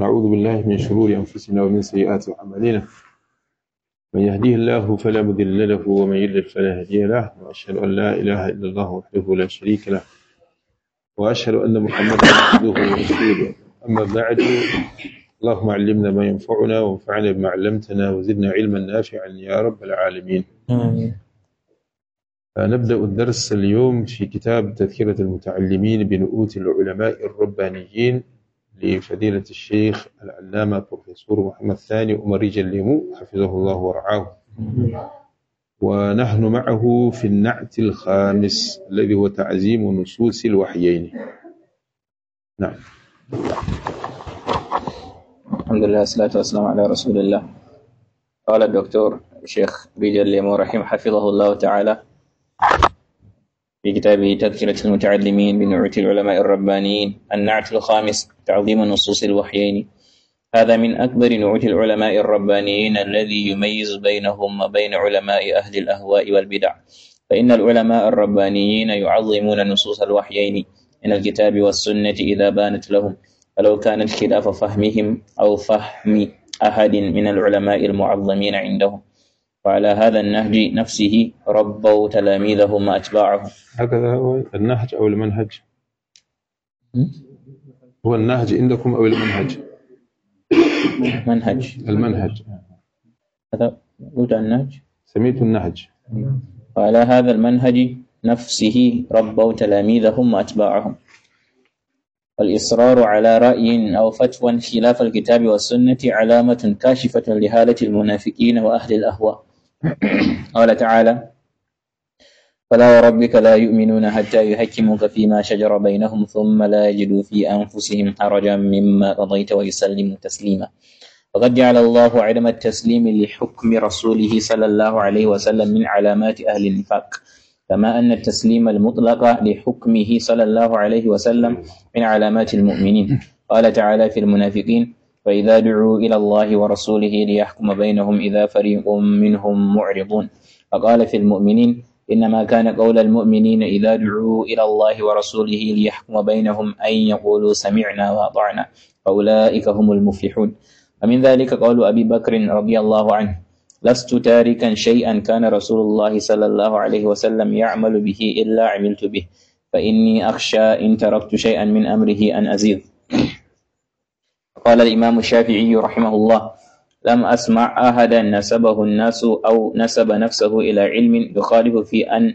ونعوذ بالله من شرور أنفسنا ومن سيئات أعمالنا من يهديه الله فلا مضل له ومن يضلل فلا هادي له وأشهد أن لا إله إلا الله وحده لا شريك له وأشهد أن محمدا عبده ورسوله أما بعد اللهم علمنا ما ينفعنا وانفعنا بما علمتنا وزدنا علما نافعا يا رب العالمين آمين نبدأ الدرس اليوم في كتاب تذكرة المتعلمين بنؤوت العلماء الربانيين لفضيلة الشيخ العلامة بروفيسور محمد ثاني أمري جليمو حفظه الله ورعاه ونحن معه في النعت الخامس الذي هو تعزيم نصوص الوحيين نعم الحمد لله والصلاة والسلام على رسول الله قال الدكتور الشيخ بيجليمو رحمه حفظه الله تعالى في كتابه تذكرة المتعلمين بنعوت العلماء الربانيين النعت الخامس تعظيم نصوص الوحيين هذا من أكبر نعوت العلماء الربانيين الذي يميز بينهم وبين علماء أهل الأهواء والبدع فإن العلماء الربانيين يعظمون نصوص الوحيين من الكتاب والسنة إذا بانت لهم ولو كانت خلاف فهمهم أو فهم أحد من العلماء المعظمين عندهم وعلى هذا النهج نفسه ربوا تلاميذهم وأتباعهم هكذا هو النهج أو المنهج هو النهج عندكم أو المنهج منهج المنهج هذا قلت النهج سميت النهج وعلى هذا المنهج نفسه ربوا تلاميذهم وأتباعهم الإصرار على رأي أو فتوى خلاف الكتاب والسنة علامة كاشفة لهالة المنافقين وأهل الأهواء قال تعالى فلا وربك لا يؤمنون حتى يحكموك فيما شجر بينهم ثم لا يجدوا في أنفسهم حرجا مما قضيت ويسلموا تسليما وقد جعل الله عدم التسليم لحكم رسوله صلى الله عليه وسلم من علامات أهل النفاق كما أن التسليم المطلق لحكمه صلى الله عليه وسلم من علامات المؤمنين قال تعالى في المنافقين فإذا دعوا إلى الله ورسوله ليحكم بينهم إذا فريق منهم معرضون فقال في المؤمنين إنما كان قول المؤمنين إذا دعوا إلى الله ورسوله ليحكم بينهم أن يقولوا سمعنا وأطعنا فأولئك هم المفلحون ومن ذلك قول أبي بكر رضي الله عنه لست تاركا شيئا كان رسول الله صلى الله عليه وسلم يعمل به إلا عملت به فإني أخشى إن تركت شيئا من أمره أن أزيد قال الإمام الشافعي رحمه الله لم أسمع أحدا نسبه الناس أو نسب نفسه إلى علم يخالف في أن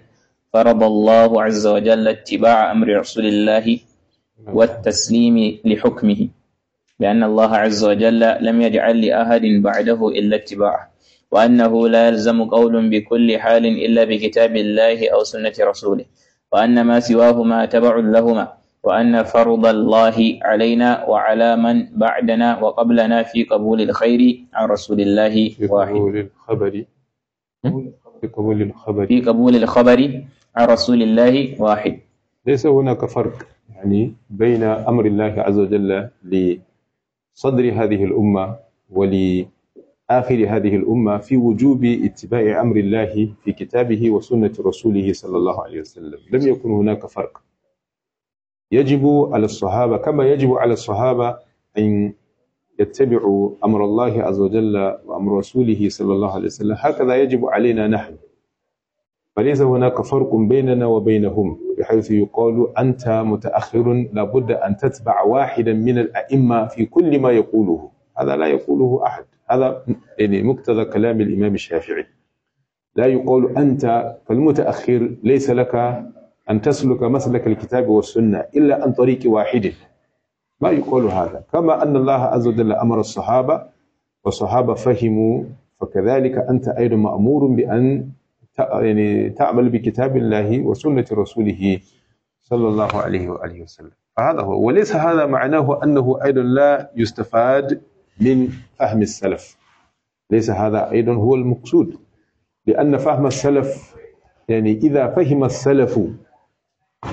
فرض الله عز وجل اتباع أمر رسول الله والتسليم لحكمه بأن الله عز وجل لم يجعل لأحد بعده إلا اتباعه وأنه لا يلزم قول بكل حال إلا بكتاب الله أو سنة رسوله وأن ما سواهما تبع لهما وأن فرض الله علينا وعلى من بعدنا وقبلنا في قبول الخير عن رسول الله واحد. في قبول الخبر في قبول الخبر في قبول الخبر عن رسول الله واحد ليس هناك فرق يعني بين أمر الله عز وجل لصدر هذه الأمة ولآخر هذه الأمة في وجوب اتباع أمر الله في كتابه وسنة رسوله صلى الله عليه وسلم لم يكن هناك فرق يجب على الصحابة كما يجب على الصحابة أن يتبعوا أمر الله عز وجل وأمر رسوله صلى الله عليه وسلم هكذا يجب علينا نحن فليس هناك فرق بيننا وبينهم بحيث يقال أنت متأخر لابد أن تتبع واحدا من الأئمة في كل ما يقوله هذا لا يقوله أحد هذا يعني مقتضى كلام الإمام الشافعي لا يقال أنت فالمتأخر ليس لك أن تسلك مسلك الكتاب والسنة إلا عن طريق واحد ما يقول هذا كما أن الله عز وجل أمر الصحابة والصحابة فهموا فكذلك أنت أيضا مأمور بأن يعني تعمل بكتاب الله وسنة رسوله صلى الله عليه وآله وسلم فهذا هو وليس هذا معناه أنه أيضا لا يستفاد من فهم السلف ليس هذا أيضا هو المقصود لأن فهم السلف يعني إذا فهم السلف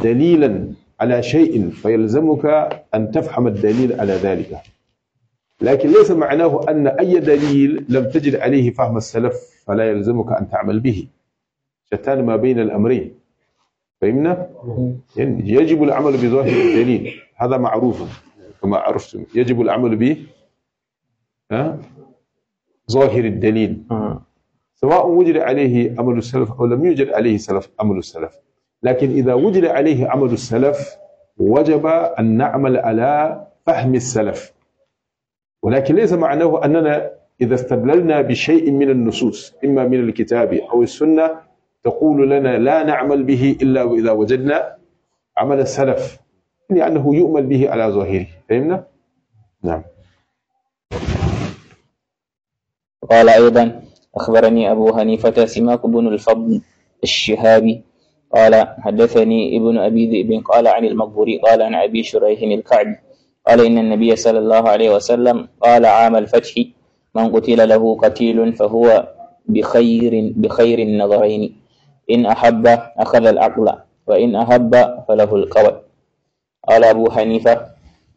دليلا على شيء فيلزمك أن تفهم الدليل على ذلك لكن ليس معناه أن أي دليل لم تجد عليه فهم السلف فلا يلزمك أن تعمل به شتان ما بين الأمرين فهمنا؟ يعني يجب العمل بظاهر الدليل هذا معروف كما عرفتم يجب العمل به ظاهر الدليل آه. سواء وجد عليه امر السلف أو لم يوجد عليه سلف امر السلف لكن إذا وجد عليه عمل السلف وجب أن نعمل على فهم السلف ولكن ليس معناه أننا إذا استدللنا بشيء من النصوص إما من الكتاب أو السنة تقول لنا لا نعمل به إلا وإذا وجدنا عمل السلف لأنه يعني يؤمل به على ظاهره فهمنا؟ نعم قال أيضا أخبرني أبو حنيفة سماك بن الفضل الشهابي قال حدثني ابن أبي ذئب قال عن المقبوري قال عن أبي شريح الكعبي قال إن النبي صلى الله عليه وسلم قال عام الفتح من قتل له قتيل فهو بخير بخير النظرين إن أحب أخذ العقل وإن أحب فله القول قال أبو حنيفة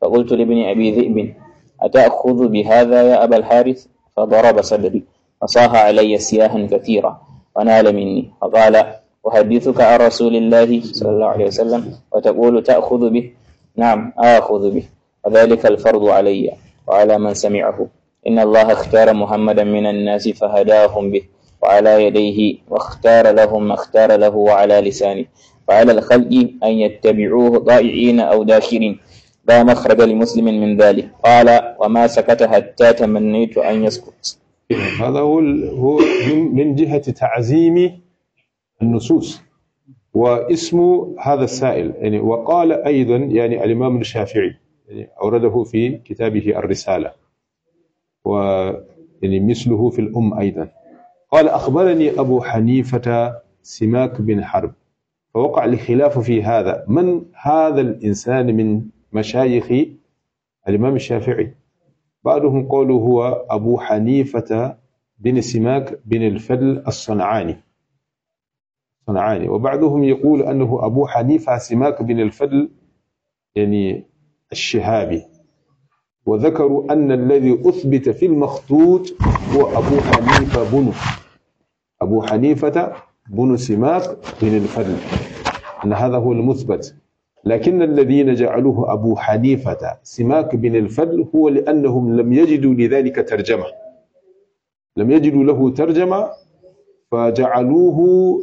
فقلت لابن أبي ذئب أتأخذ بهذا يا أبا الحارث فضرب صدري فصاح علي سياها كثيرا ونال مني فقال أحدثك عن رسول الله صلى الله عليه وسلم وتقول تأخذ به نعم آخذ به وذلك الفرض علي وعلى من سمعه إن الله اختار محمدا من الناس فهداهم به وعلى يديه واختار لهم ما اختار له وعلى لسانه وعلى الخلق أن يتبعوه ضائعين أو داكرين لا مخرج لمسلم من ذلك قال وما سكت حتى تمنيت أن يسكت هذا هو هو من جهة تعزيمي النصوص واسم هذا السائل يعني وقال أيضا يعني الإمام الشافعي يعني أورده في كتابه الرسالة و يعني مثله في الأم أيضا قال أخبرني أبو حنيفة سماك بن حرب فوقع الخلاف في هذا من هذا الإنسان من مشايخ الإمام الشافعي بعضهم قالوا هو أبو حنيفة بن سماك بن الفضل الصنعاني صنعاني وبعضهم يقول أنه أبو حنيفة سماك بن الفضل يعني الشهابي وذكروا أن الذي أثبت في المخطوط هو أبو حنيفة بن أبو حنيفة بن سماك بن الفضل أن هذا هو المثبت لكن الذين جعلوه أبو حنيفة سماك بن الفضل هو لأنهم لم يجدوا لذلك ترجمة لم يجدوا له ترجمة فجعلوه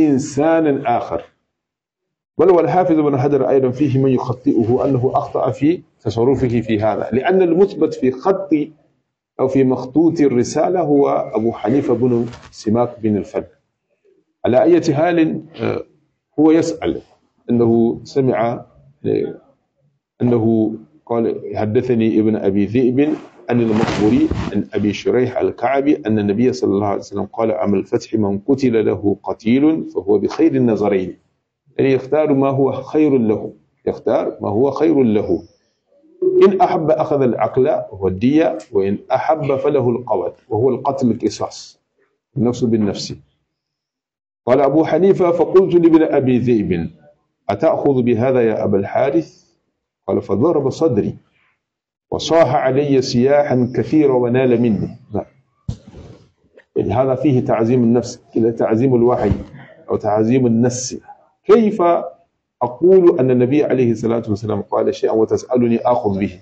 إنسان آخر بل والحافظ بن حجر أيضا فيه من يخطئه أنه أخطأ في تصرفه في هذا لأن المثبت في خط أو في مخطوط الرسالة هو أبو حنيفة بن سماك بن الفن على أي حال آه، هو يسأل أنه سمع آه، أنه قال حدثني ابن أبي ذئب عن المقبوري عن أبي شريح الكعبي أن النبي صلى الله عليه وسلم قال عام الفتح من قتل له قتيل فهو بخير النظرين يعني يختار ما هو خير له يختار ما هو خير له إن أحب أخذ العقل هو الدية وإن أحب فله القوات وهو القتل القصاص النفس بالنفس قال أبو حنيفة فقلت لابن أبي ذئب أتأخذ بهذا يا أبا الحارث قال فضرب صدري وصاح علي سياحا كثيرا ونال مني هذا فيه تعزيم النفس تعزيم الوحي أو تعزيم النفس كيف أقول أن النبي عليه الصلاة والسلام قال شيئا وتسألني آخذ به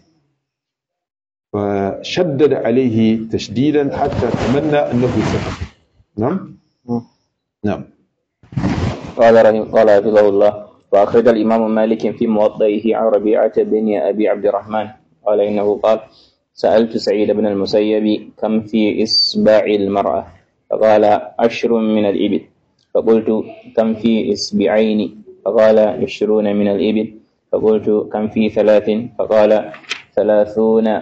فشدد عليه تشديدا حتى تمنى أنه سكت نعم نعم قال رحمه قال حفظه الله وأخرج الإمام مالك في موطئه عن ربيعة بن أبي عبد الرحمن قال إنه قال سألت سعيد بن المسيب كم في إصبع المرأة فقال عشر من الإبل فقلت كم في إصبعين فقال عشرون من الإبل فقلت كم في ثلاث فقال ثلاثون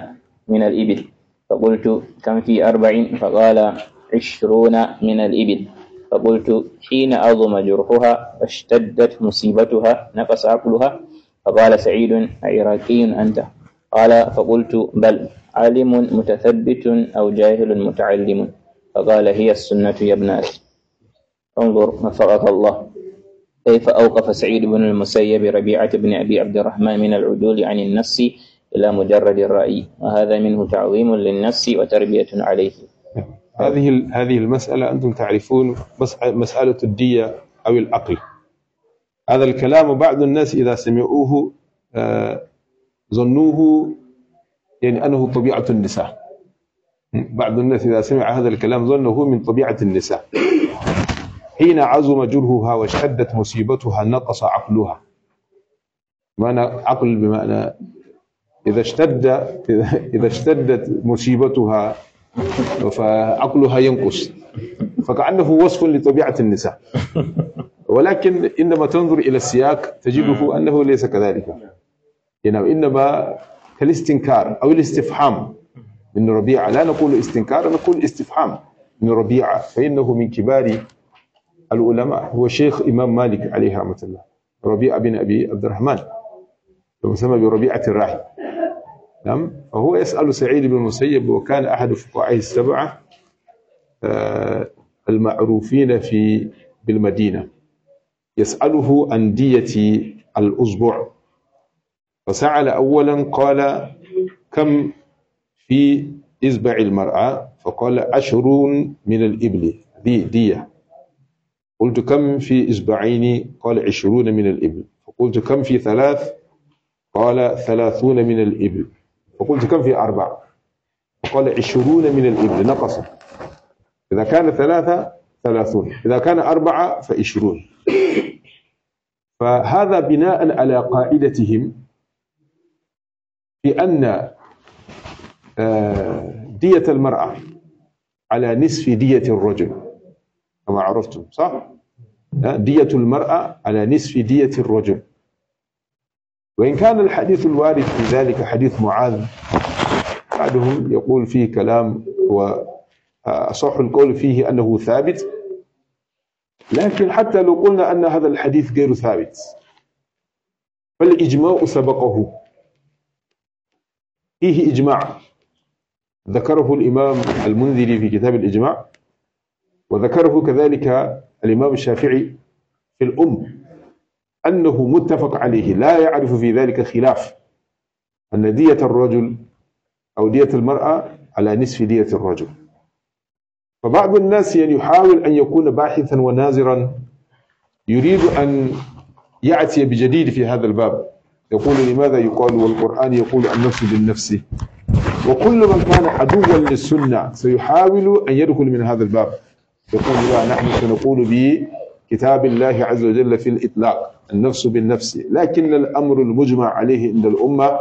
من الإبل فقلت كم في أربع فقال عشرون من الإبل فقلت حين أضم جرحها واشتدت مصيبتها نقص عقلها فقال سعيد عراقي أنت قال فقلت بل عالم متثبت أو جاهل متعلم فقال هي السنة يا ابن أخي انظر نفقك الله كيف أوقف سعيد بن المسيب ربيعة بن أبي عبد الرحمن من العدول عن النفس إلى مجرد الرأي وهذا منه تعظيم للنفس وتربية عليه هذه هذه المسألة أنتم تعرفون مسألة الدية أو العقل هذا الكلام بعض الناس إذا سمعوه آه، ظنوه يعني أنه طبيعة النساء بعض الناس إذا سمع هذا الكلام ظنه من طبيعة النساء حين عظم جرهها واشتدت مصيبتها نقص عقلها بمعنى عقل بمعنى إذا اشتد إذا اشتدت مصيبتها فعقلها ينقص فكأنه وصف لطبيعة النساء ولكن عندما تنظر إلى السياق تجده أنه ليس كذلك يعني إنما كالاستنكار أو الاستفحام من ربيعة لا نقول استنكار نقول استفحام من ربيعة فإنه من كبار العلماء هو شيخ إمام مالك عليه رحمة الله ربيعة بن أبي عبد الرحمن يسمى بربيعة الراحي نعم فهو يسأل سعيد بن المسيب وكان أحد فقهاء السبعة آه، المعروفين في بالمدينة يسأله عن دية الأسبوع فسأل أولا قال كم في إزبع المرأة فقال عشرون من الإبل دي دية قلت كم في إزبعين قال عشرون من الإبل فقلت كم في ثلاث قال ثلاثون من الإبل فقلت كم في أربع فقال عشرون من الإبل نقص إذا كان ثلاثة ثلاثون إذا كان أربعة فعشرون فهذا بناء على قاعدتهم بأن آه، دية المرأة على نصف دية الرجل كما عرفتم صح؟ آه، دية المرأة على نصف دية الرجل وإن كان الحديث الوارد في ذلك حديث معاذ بعدهم يقول فيه كلام وأصح آه، القول فيه أنه ثابت لكن حتى لو قلنا أن هذا الحديث غير ثابت فالإجماع سبقه فيه إجماع ذكره الإمام المنذري في كتاب الإجماع وذكره كذلك الإمام الشافعي في الأم أنه متفق عليه لا يعرف في ذلك خلاف أن دية الرجل أو دية المرأة على نصف دية الرجل فبعض الناس يعني يحاول أن يكون باحثا وناظرا يريد أن يأتي بجديد في هذا الباب يقول لماذا يقال والقرآن يقول النفس بالنفس وكل من كان عدوا للسنة سيحاول أن يدخل من هذا الباب يقول لا نحن سنقول بكتاب الله عز وجل في الإطلاق النفس بالنفس لكن الأمر المجمع عليه عند الأمة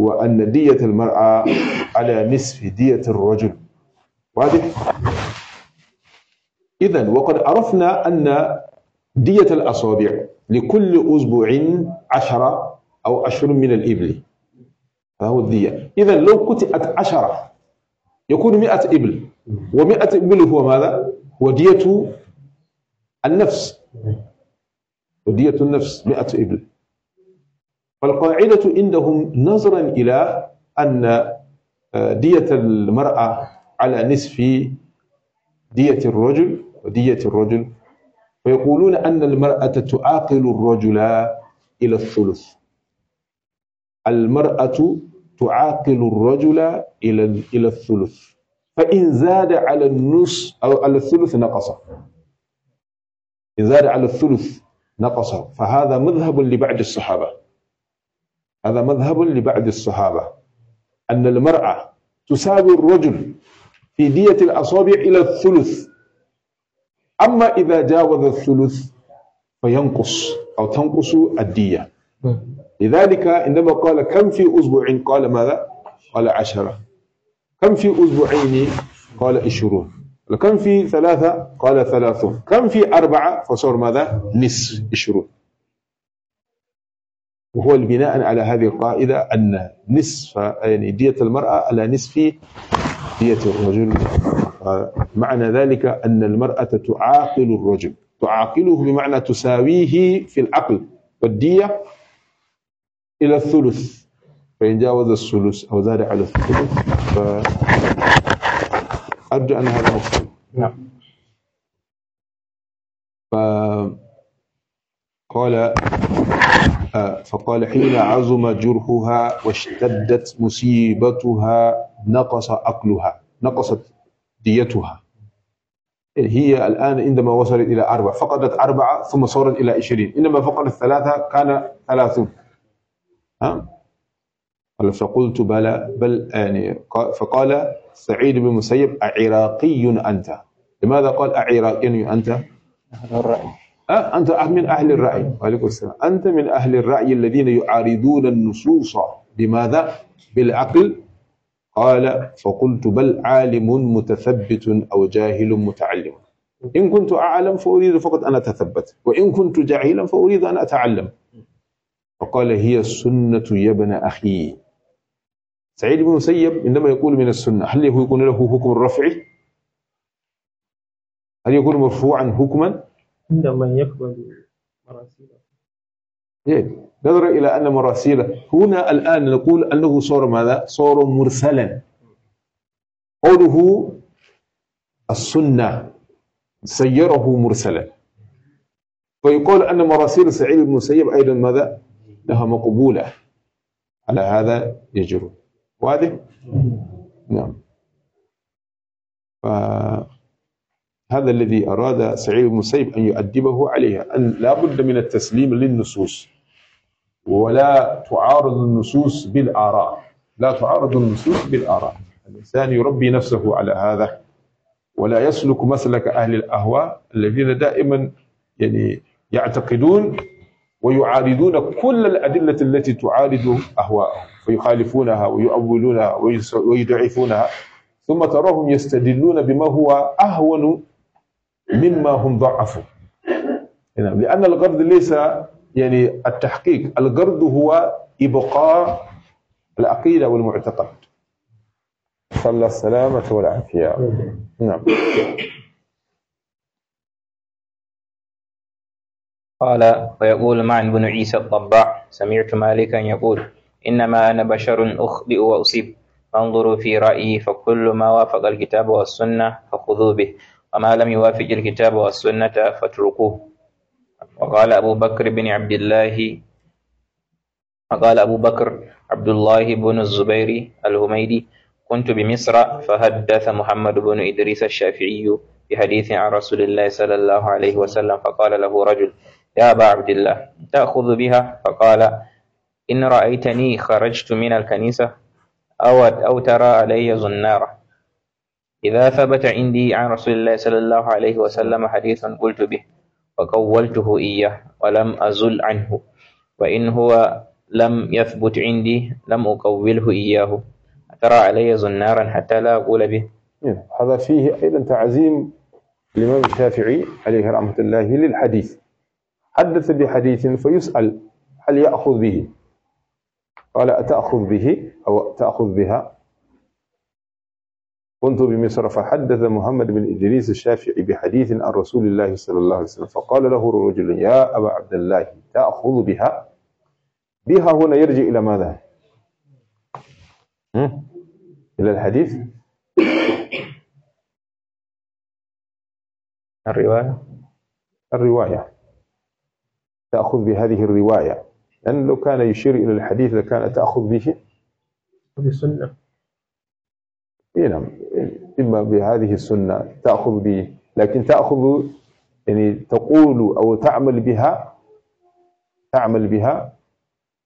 هو أن دية المرأة على نصف دية الرجل واضح؟ إذا وقد عرفنا أن دية الأصابع لكل أسبوع عشرة أو أشهر من الإبل فهو الدية إذا لو قطعت عشرة يكون مئة إبل ومئة إبل هو ماذا؟ هو دية النفس ودية النفس مئة إبل فالقاعدة عندهم نظرا إلى أن آه، دية المرأة على نصف دية الرجل ودية الرجل ويقولون أن المرأة تعاقل الرجل إلى الثلث المرأة تعاقل الرجل إلى إلى الثلث فإن زاد على النص أو على الثلث نقص إن زاد على الثلث نقص فهذا مذهب لبعض الصحابة هذا مذهب لبعض الصحابة أن المرأة تساوي الرجل في دية الأصابع إلى الثلث أما إذا جاوز الثلث فينقص أو تنقص الدية نعم. لذلك عندما قال كم في أسبوع قال ماذا؟ قال عشرة كم في أسبوعين؟ قال عشرون كم في ثلاثة؟ قال ثلاثون كم في أربعة؟ فصار ماذا؟ نصف عشرون وهو البناء على هذه القاعدة أن نصف يعني دية المرأة على نصف دية الرجل معنى ذلك أن المرأة تعاقل الرجل تعاقله بمعنى تساويه في العقل والدية إلى الثلث فإن جاوز الثلث أو زاد على الثلث فأرجو أن هذا مفهوم نعم فقال آه، فقال حين عظم جرحها واشتدت مصيبتها نقص أكلها نقصت ديتها هي الآن عندما وصلت إلى أربعة فقدت أربعة ثم صارت إلى عشرين إنما فقدت ثلاثة كان ثلاثون ها؟ فقلت بلى بل يعني فقال سعيد بن مسيب أعراقي أنت لماذا قال أعراقي أنت؟ أهل الرأي أه أنت من أهل الرأي وعليكم السلام أنت من أهل الرأي الذين يعارضون النصوص لماذا؟ بالعقل قال فقلت بل عالم متثبت أو جاهل متعلم إن كنت أعلم فأريد فقط أن أتثبت وإن كنت جاهلا فأريد أن أتعلم فقال هي السنة يا ابن أخي سعيد بن مسيب عندما يقول من السنة هل يكون له حكم رفعي هل يكون مرفوعا حكما عندما يقبل مراسيله إيه؟ نظرا إلى أن مراسيل هنا الآن نقول أنه صار ماذا؟ صار مرسلا قوله السنة سيره مرسلا فيقال أن مراسيل سعيد بن المسيب أيضا ماذا؟ لها مقبولة على هذا يجرؤ واضح؟ نعم ف... هذا الذي أراد سعيد بن المسيب أن يؤدبه عليها أن لا بد من التسليم للنصوص ولا تعارض النصوص بالآراء لا تعارض النصوص بالآراء الإنسان يربي نفسه على هذا ولا يسلك مسلك أهل الأهواء الذين دائما يعني يعتقدون ويعارضون كل الأدلة التي تعارض أهواءهم فيخالفونها ويؤولونها ويضعفونها ثم تراهم يستدلون بما هو أهون مما هم ضعفوا لأن القرض ليس يعني التحقيق القرض هو إبقاء العقيدة والمعتقد صلى السلامة والعافية نعم قال ويقول معن بن عيسى الطباع سمعت مالكا يقول إنما أنا بشر أخبئ وأصيب فانظروا في رأيي فكل ما وافق الكتاب والسنة فخذوا به وما لم يوافق الكتاب والسنة فاتركوه وقال أبو بكر بن عبد الله وقال أبو بكر عبد الله بن الزبير الهميدي كنت بمصر فحدث محمد بن إدريس الشافعي بحديث عن رسول الله صلى الله عليه وسلم فقال له رجل يا أبا عبد الله تأخذ بها فقال إن رأيتني خرجت من الكنيسة أو, أو ترى علي زنارة إذا ثبت عندي عن رسول الله صلى الله عليه وسلم حديث قلت به وقولته إياه ولم أزل عنه وإن هو لم يثبت عندي لم أقوله إياه أترى علي زنارا حتى لا أقول به إيه، هذا فيه أيضا تعزيم الإمام الشافعي عليه رحمة الله للحديث حدث بحديث فيسأل هل يأخذ به قال أتأخذ به أو تأخذ بها كنت بمصر فحدث محمد بن إدريس الشافعي بحديث عن رسول الله صلى الله عليه وسلم فقال له رجل يا أبا عبد الله تأخذ بها بها هنا يرجع إلى ماذا هم؟ إلى الحديث الرواية الرواية تأخذ بهذه الرواية لأن لو كان يشير إلى الحديث لكان تأخذ به بسنة اي نعم اما بهذه السنه تاخذ به لكن تاخذ يعني تقول او تعمل بها تعمل بها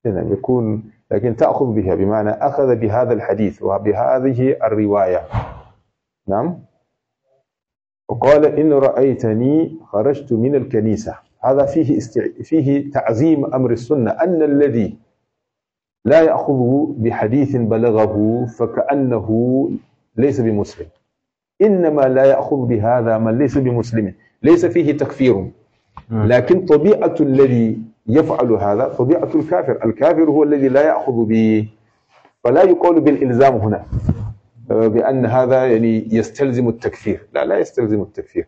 إيه نعم يكون لكن تاخذ بها بمعنى اخذ بهذا الحديث وبهذه الروايه نعم وقال ان رايتني خرجت من الكنيسه هذا فيه استع... فيه تعظيم امر السنه ان الذي لا ياخذه بحديث بلغه فكانه ليس بمسلم إنما لا يأخذ بهذا من ليس بمسلم ليس فيه تكفير نعم. لكن طبيعة الذي يفعل هذا طبيعة الكافر الكافر هو الذي لا يأخذ به فلا يقول بالإلزام هنا آه، بأن هذا يعني يستلزم التكفير لا لا يستلزم التكفير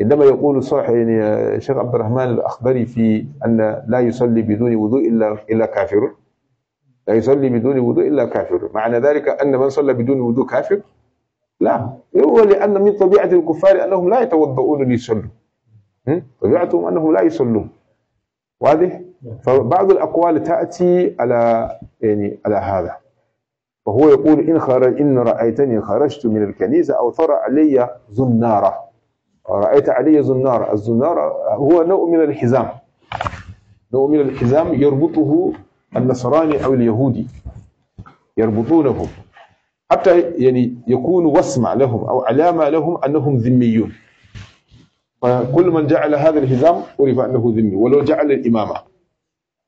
عندما يقول صاحب يعني آه، شيخ عبد الرحمن الاخبري في أن لا يصلي بدون وضوء إلا إلا كافر لا يصلي بدون وضوء إلا كافر معنى ذلك أن من صلى بدون وضوء كافر لا هو لأن من طبيعة الكفار أنهم لا يتوضؤون ليصلوا طبيعتهم أنهم لا يصلون واضح؟ فبعض الأقوال تأتي على يعني على هذا وهو يقول إن خرج إن رأيتني خرجت من الكنيسة أو ثر علي زنارة رأيت علي زنارة الزنارة هو نوع من الحزام نوع من الحزام يربطه النصراني أو اليهودي يربطونهم حتى يعني يكون وسمع لهم أو علامة لهم أنهم ذميون فكل من جعل هذا الهزام عرف أنه ذمي ولو جعل الإمامة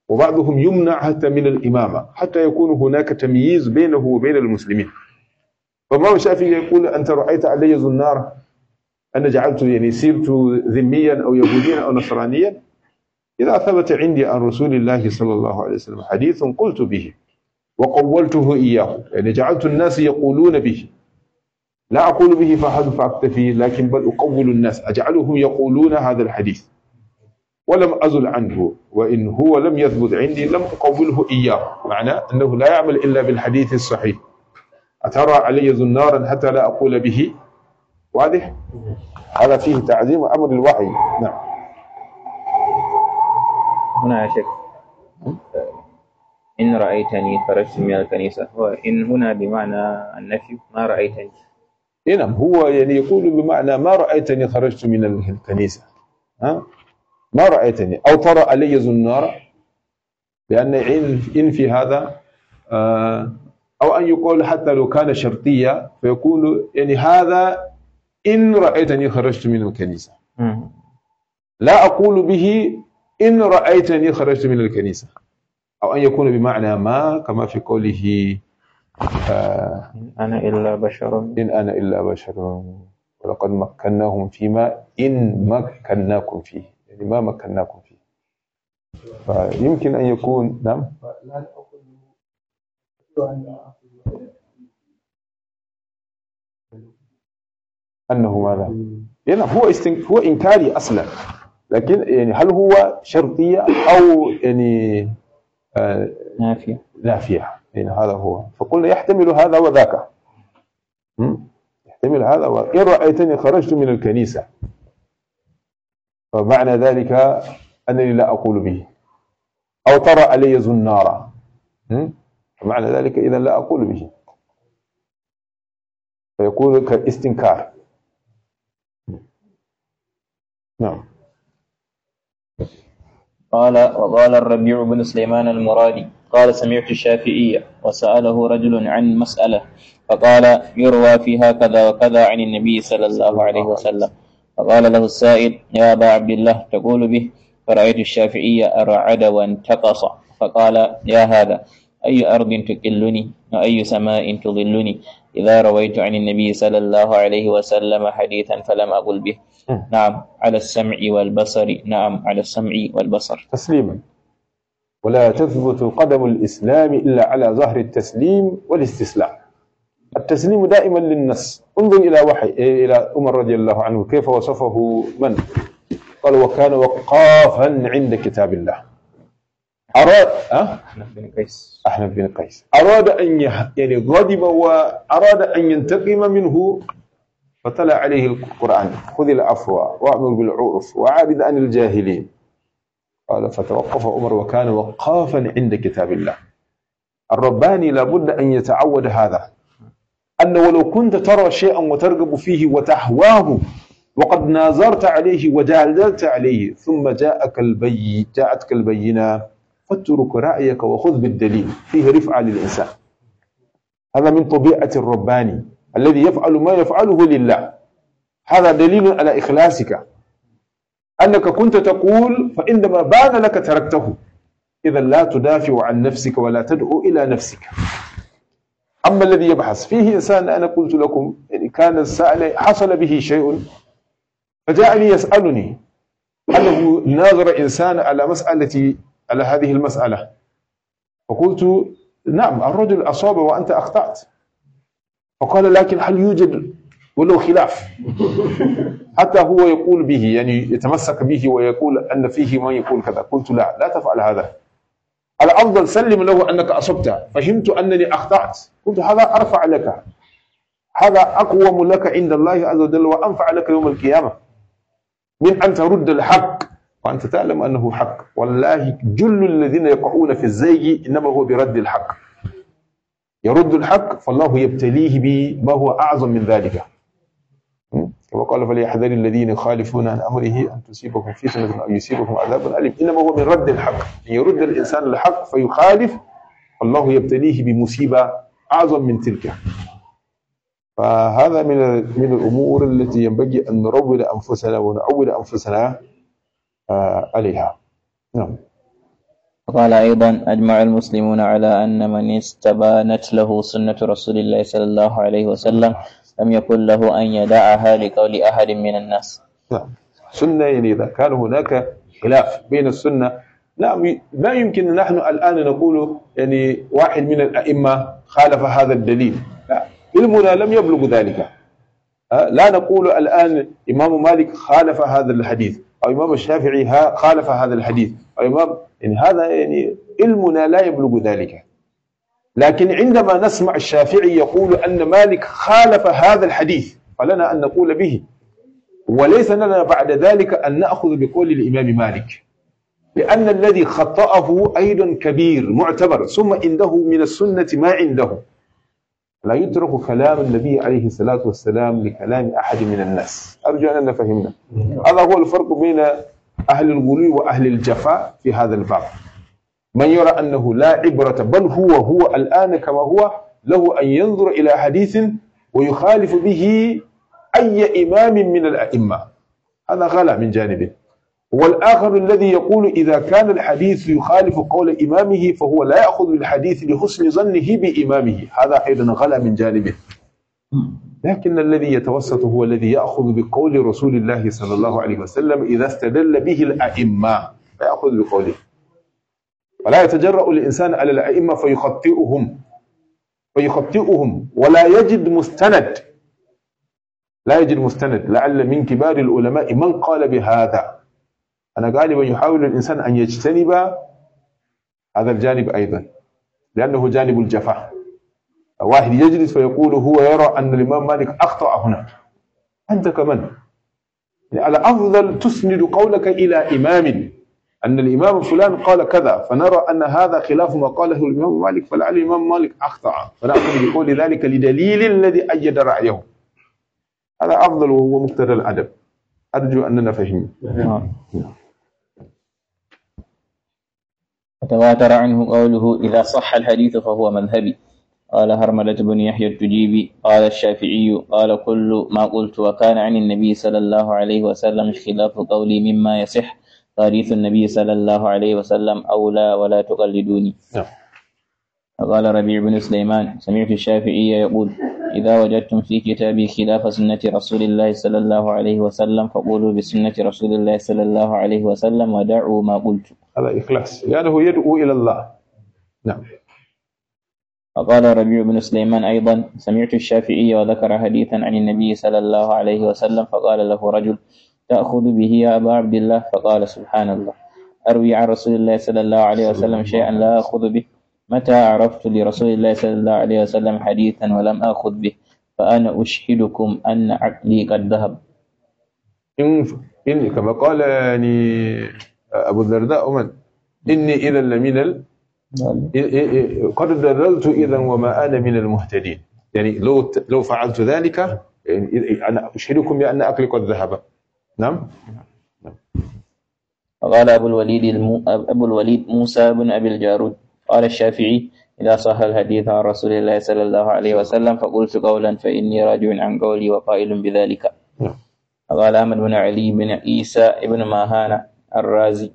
وبعضهم يمنع حتى من الإمامة حتى يكون هناك تمييز بينه وبين المسلمين فما الشافعي يقول أنت رأيت علي النار أنا جعلت يعني سيرت ذميا أو يهوديا أو نصرانيا إذا ثبت عندي عن رسول الله صلى الله عليه وسلم حديث قلت به وقولته إياه يعني جعلت الناس يقولون به لا أقول به فأحد فأكتفي لكن بل أقول الناس أجعلهم يقولون هذا الحديث ولم أزل عنه وإن هو لم يثبت عندي لم أقوله إياه معنى أنه لا يعمل إلا بالحديث الصحيح أترى علي زنارا حتى لا أقول به واضح هذا فيه تعظيم أمر الوحي نعم هنا يا شيخ إن رأيتني خرجت من الكنيسة وإن هنا بمعنى النفي ما رأيتني نعم هو يعني يقول بمعنى ما رأيتني خرجت من الكنيسة ها ما رأيتني أو ترى علي زنارا لأن إن في هذا آه، أو أن يقول حتى لو كان شرطية فيقول يعني هذا إن رأيتني خرجت من الكنيسة لا أقول به إن رأيتني خرجت من الكنيسة أو أن يكون بمعنى ما كما في قوله آه أنا إلا بشر إن أنا إلا بشر ولقد مكناهم فيما إن مكناكم فيه يعني ما مكناكم فيه فيمكن أن يكون نعم أنه ماذا؟ يعني هو هو إنكاري أصلا لكن يعني هل هو شرطية أو يعني آه نافية نافية يعني هذا هو فقلنا يحتمل هذا وذاك يحتمل هذا و... إن رأيتني خرجت من الكنيسة فمعنى ذلك أنني لا أقول به أو ترى علي زنارا معنى ذلك إذا لا أقول به فيكون كاستنكار نعم قال وقال الربيع بن سليمان المرادي قال سمعت الشافعية وسأله رجل عن مسألة فقال يروى فيها كذا وكذا عن النبي صلى الله عليه وسلم فقال له السائل يا أبا عبد الله تقول به فرأيت الشافعية أرعد وانتقص فقال يا هذا أي أرض تكلني وأي سماء تظلني إذا رويت عن النبي صلى الله عليه وسلم حديثا فلم أقل به نعم على السمع والبصر نعم على السمع والبصر تسليما ولا تثبت قدم الإسلام إلا على ظهر التسليم والاستسلام التسليم دائما للنص انظر إلى وحي إلى عمر رضي الله عنه كيف وصفه من قال وكان وقافا عند كتاب الله أراد أحمد أحنف بن قيس أحنف بن قيس أراد أن يعني غضب وأراد أن ينتقم منه فطلع عليه القرآن خذ العفو وأمر بالعرف وعابد عن الجاهلين قال فتوقف عمر وكان وقافا عند كتاب الله الرباني لابد أن يتعود هذا أن ولو كنت ترى شيئا وترغب فيه وتهواه وقد ناظرت عليه وجادلت عليه ثم جاءك البي جاءتك البينة فاترك رأيك وخذ بالدليل فيه رفعة للإنسان هذا من طبيعة الرباني الذي يفعل ما يفعله لله هذا دليل على إخلاصك أنك كنت تقول فإنما بان لك تركته إذا لا تدافع عن نفسك ولا تدعو إلى نفسك أما الذي يبحث فيه إنسان أنا قلت لكم يعني كان السائل حصل به شيء فجاءني يسألني أنه ناظر إنسان على مسألة على هذه المسألة فقلت نعم الرجل أصاب وأنت أخطأت فقال لكن هل يوجد ولو خلاف حتى هو يقول به يعني يتمسك به ويقول أن فيه من يقول كذا قلت لا لا تفعل هذا الأفضل سلم له أنك أصبت فهمت أنني أخطأت قلت هذا أرفع لك هذا أقوم لك عند الله عز وجل وأنفع لك يوم القيامة من أن ترد الحق وأنت تعلم أنه حق والله جل الذين يقعون في الزيج إنما هو برد الحق يرد الحق فالله يبتليه بما هو أعظم من ذلك كما قال فليحذر الذين يخالفون عن أمره أن تصيبهم فتنة أو يصيبهم عذاب أليم إنما هو من رد الحق أن يرد الإنسان الحق فيخالف الله يبتليه بمصيبة أعظم من تلك فهذا من من الأمور التي ينبغي أن نروض أنفسنا ونعود أنفسنا آه، عليها نعم وقال أيضا أجمع المسلمون على أن من استبانت له سنة رسول الله صلى الله عليه وسلم لم يكن له أن يدعها لقول أحد من الناس نعم سنة يعني إذا كان هناك خلاف بين السنة نعم لا يمكن نحن الآن نقول يعني واحد من الأئمة خالف هذا الدليل لا علمنا لم يبلغ ذلك لا نقول الآن إمام مالك خالف هذا الحديث أو إمام الشافعي خالف هذا الحديث أو إمام يعني هذا يعني علمنا لا يبلغ ذلك لكن عندما نسمع الشافعي يقول أن مالك خالف هذا الحديث فلنا أن نقول به وليس لنا بعد ذلك أن نأخذ بقول الإمام مالك لأن الذي خطأه أيضا كبير معتبر ثم عنده من السنة ما عنده لا يترك كلام النبي عليه الصلاة والسلام لكلام أحد من الناس أرجو أن فهمنا هذا هو الفرق بين أهل الغلو وأهل الجفاء في هذا الباب من يرى أنه لا عبرة بل هو هو الآن كما هو له أن ينظر إلى حديث ويخالف به أي إمام من الأئمة هذا غلا من جانبه والآخر الذي يقول إذا كان الحديث يخالف قول إمامه فهو لا يأخذ بالحديث لحسن ظنه بإمامه هذا أيضا غلا من جانبه لكن الذي يتوسط هو الذي يأخذ بقول رسول الله صلى الله عليه وسلم إذا استدل به الأئمة فيأخذ بقوله ولا يتجرأ الإنسان على الأئمة فيخطئهم فيخطئهم ولا يجد مستند لا يجد مستند لعل من كبار العلماء من قال بهذا أنا غالبا يحاول الإنسان أن يجتنب هذا الجانب أيضا لأنه جانب الجفاء واحد يجلس فيقول هو يرى أن الإمام مالك أخطأ هنا أنت كمن؟ على أفضل تسند قولك إلى إمام أن الإمام فلان قال كذا فنرى أن هذا خلاف ما قاله الإمام مالك فلعل الإمام مالك أخطأ فنأخذ بقول ذلك لدليل الذي أيد رأيه هذا أفضل وهو مقتضى الأدب أرجو أننا فهمنا وتواتر عنه قوله إذا صح الحديث فهو مذهبي قال هرملة بن يحيى التجيبي قال الشافعي قال كل ما قلت وكان عن النبي صلى الله عليه وسلم خلاف قولي مما يصح حديث النبي صلى الله عليه وسلم أولى ولا تقلدوني نعم. قال ربيع بن سليمان سمعت الشافعي يقول إذا وجدتم في كتابي خلاف سنة رسول الله صلى الله عليه وسلم فقولوا بسنة رسول الله صلى الله عليه وسلم ودعوا ما قلت هذا إخلاص لأنه يدعو إلى الله نعم وقال ربيع بن سليمان أيضا سمعت الشافعي وذكر حديثا عن النبي صلى الله عليه وسلم فقال له رجل تأخذ به يا أبا عبد الله فقال سبحان الله أروي عن رسول الله صلى الله عليه وسلم شيئا لا أخذ به متى عرفت لرسول الله صلى الله عليه وسلم حديثا ولم أخذ به فأنا أشهدكم أن عقلي قد ذهب إن كما قال يعني أبو الدرداء من إني إذا لمن نعم. قد ضللت إذا وما أنا من المهتدين يعني لو لو فعلت ذلك يعني أنا أشهدكم بأن أقلي قد ذهب نعم؟, نعم قال أبو الوليد أبو الوليد موسى بن أبي الجارود قال الشافعي إذا صح الحديث عن رسول الله صلى الله عليه وسلم فقلت قولا فإني راجع عن قولي وقائل بذلك نعم. قال أحمد بن علي بن عيسى بن ماهان الرازي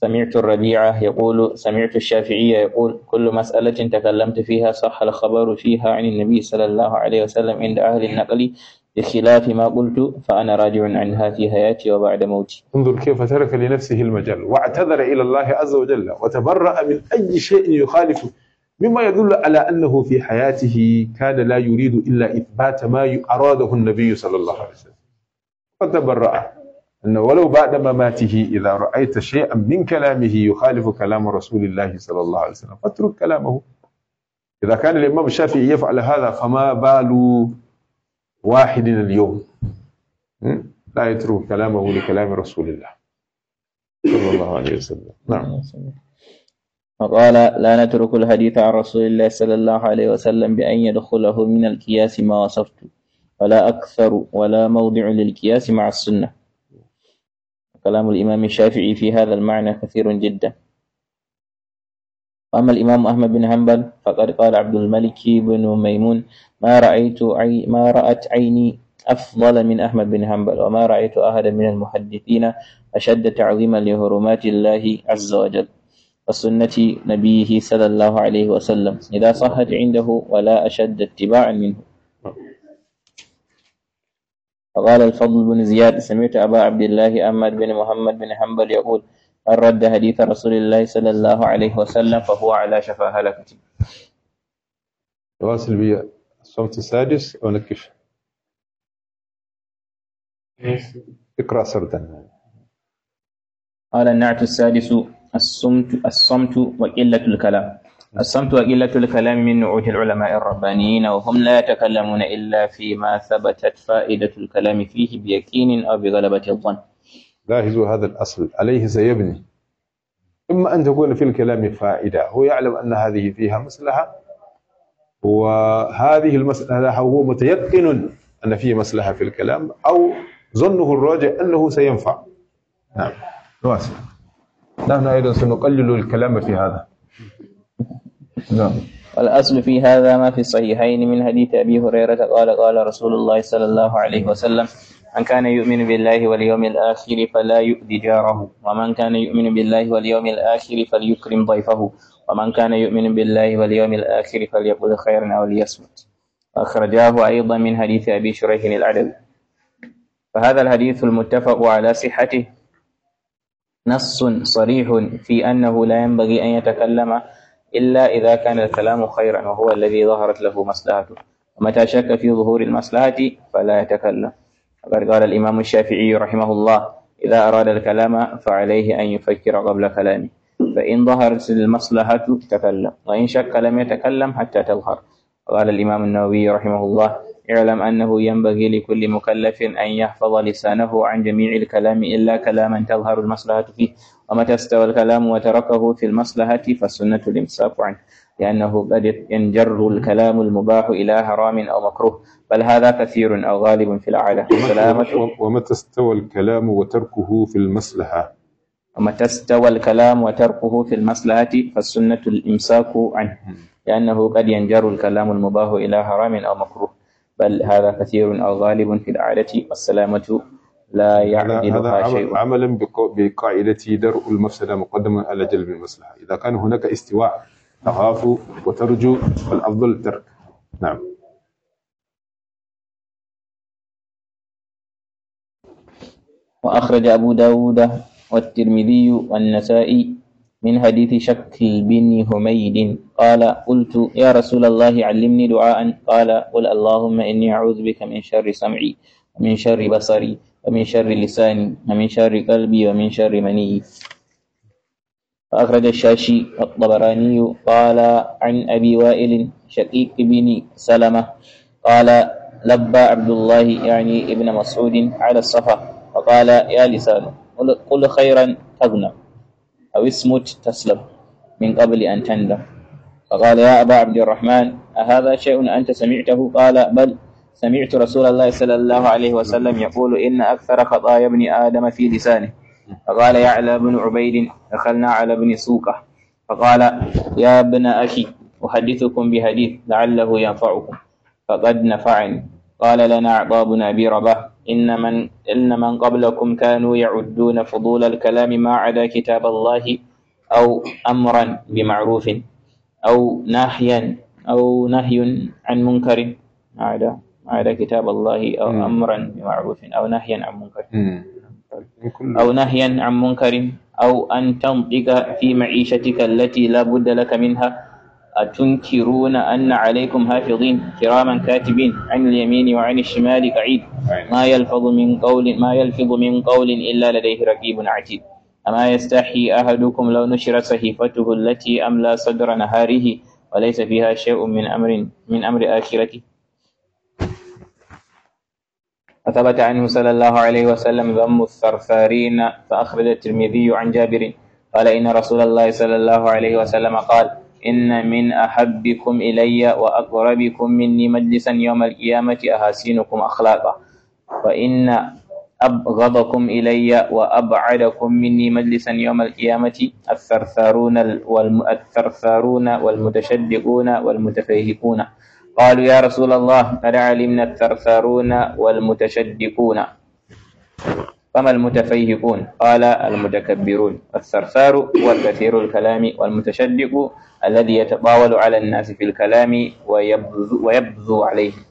سمعت الربيعة يقول سمعت الشافعية يقول كل مسألة تكلمت فيها صح الخبر فيها عن النبي صلى الله عليه وسلم عند أهل النقل بخلاف ما قلت فأنا راجع عنها في حياتي وبعد موتي انظر كيف ترك لنفسه المجال واعتذر إلى الله عز وجل وتبرأ من أي شيء يخالفه مما يدل على أنه في حياته كان لا يريد إلا إثبات ما أراده النبي صلى الله عليه وسلم فتبرأ أنه ولو بعد مماته إذا رأيت شيئا من كلامه يخالف كلام رسول الله صلى الله عليه وسلم فاترك كلامه إذا كان الإمام الشافعي يفعل هذا فما بال واحد اليوم لا يترك كلامه لكلام رسول الله صلى الله عليه وسلم نعم وقال لا نترك الحديث عن رسول الله صلى الله عليه وسلم بأن يدخله من الكياس ما وصفت ولا أكثر ولا موضع للكياس مع السنة كلام الإمام الشافعي في هذا المعنى كثير جدا وأما الإمام أحمد بن حنبل فقد قال عبد الملك بن ميمون ما رأيت عي ما رأت عيني أفضل من أحمد بن حنبل وما رأيت أحدا من المحدثين أشد تعظيما لهرمات الله عز وجل وسنة نبيه صلى الله عليه وسلم إذا صحت عنده ولا أشد اتباعا منه فقال الفضل بن زياد سمعت أبا عبد الله أحمد بن محمد بن حنبل يقول الرد حديث رسول الله صلى الله عليه وسلم فهو على شفا هلكته واصل بي الصوت السادس ونكف اقرأ سردا قال النعت السادس الصمت الصمت وقلة الكلام الصمت وقلة الكلام من نعوت العلماء الربانيين وهم لا يتكلمون إلا فيما ثبتت فائدة الكلام فيه بيقين أو بغلبة الظن لاحظوا هذا الأصل عليه سيبني إما أن تكون في الكلام فائدة هو يعلم أن هذه فيها مصلحة وهذه المسألة هو متيقن أن فيه مصلحة في الكلام أو ظنه الراجع أنه سينفع نعم واسع نحن أيضا سنقلل الكلام في هذا نعم والأصل في هذا ما في الصحيحين من حديث أبي هريرة قال قال رسول الله صلى الله عليه وسلم من كان يؤمن بالله واليوم الآخر فلا يؤذي جاره ومن كان يؤمن بالله واليوم الآخر فليكرم ضيفه ومن كان يؤمن بالله واليوم الآخر فليقل خيرا أو ليصمت أخرجاه أيضا من حديث أبي شريح العدوي فهذا الحديث المتفق على صحته نص صريح في أنه لا ينبغي أن يتكلم إلا إذا كان الكلام خيرا وهو الذي ظهرت له مصلحته ومتى شك في ظهور المصلحة فلا يتكلم وقد قال الإمام الشافعي رحمه الله إذا أراد الكلام فعليه أن يفكر قبل كلامه فإن ظهرت المصلحة تكلم وإن شك لم يتكلم حتى تظهر وقال الإمام النووي رحمه الله اعلم أنه ينبغي لكل مكلف أن يحفظ لسانه عن جميع الكلام إلا كلاما تظهر المصلحة فيه ومتى استوى الكلام وتركه في المصلحة فالسنة الإمساك عنه لأنه قد ينجر الكلام المباح إلى حرام أو مكروه بل هذا كثير أو غالب في العادة ومتى استوى الكلام وتركه في المصلحة ومتى استوى الكلام وتركه في المصلحة فالسنة الإمساك عنه لأنه قد ينجر الكلام المباح إلى حرام أو مكروه بل هذا كثير أو غالب في العادة والسلامة لا يعدلها شيء عملا بقاعدة درء المفسدة مقدما على جلب المصلحة إذا كان هناك استواء تخاف وترجو فالأفضل ترك نعم وأخرج أبو داود والترمذي والنسائي من حديث شكل بن هميد قال قلت يا رسول الله علمني دعاء قال قل اللهم إني أعوذ بك من شر سمعي ومن شر بصري ومن شر لساني ومن شر قلبي ومن شر مني وأخرج الشاشي الطبراني قال عن أبي وائل شقيق بن سلمة قال لبى عبد الله يعني ابن مسعود على الصفا فقال يا لسان قل خيرا تغنى أو اسمت تسلم من قبل أن تندم فقال يا أبا عبد الرحمن أهذا شيء أنت سمعته قال بل سمعت رسول الله صلى الله عليه وسلم يقول إن أكثر خطايا ابن آدم في لسانه فقال يعلى بن عبيد دخلنا على ابن سوقة فقال يا ابن أخي أحدثكم بحديث لعله ينفعكم فقد نفعني قال لنا عطاء بن أبي رباه إن من, إن من قبلكم كانوا يعدون فضول الكلام ما عدا كتاب الله أو أمرا بمعروف أو نهيا أو نهي عن منكر ما عدا على كتاب الله أو مم. أمرا بمعروف أو نهيا عن منكر أو نهيا عن منكر أو أن تنطق في معيشتك التي لا بد لك منها أتنكرون أن عليكم حافظين كراما كاتبين عن اليمين وعن الشمال قعيد أيوة. ما يلفظ من قول ما يلفظ من قول إلا لديه رقيب عتيد أما يستحي أحدكم لو نشر صحيفته التي أملى صدر نهاره وليس فيها شيء من أمر من أمر آخرته وثبت عنه صلى الله عليه وسلم ذم الثرثارين فأخرج الترمذي عن جابر قال إن رسول الله صلى الله عليه وسلم قال إن من أحبكم إلي وأقربكم مني مجلسا يوم القيامة أحاسنكم أخلاقا وإن أبغضكم إلي وأبعدكم مني مجلسا يوم القيامة الثرثارون الثرثارون والمتشدقون والمتفيهقون قالوا يا رسول الله قد علمنا الثرثارون والمتشدقون فما المتفيهقون قال المتكبرون الثرثار هو الكثير الكلام والمتشدق الذي يتطاول على الناس في الكلام ويبذو, عليه عليهم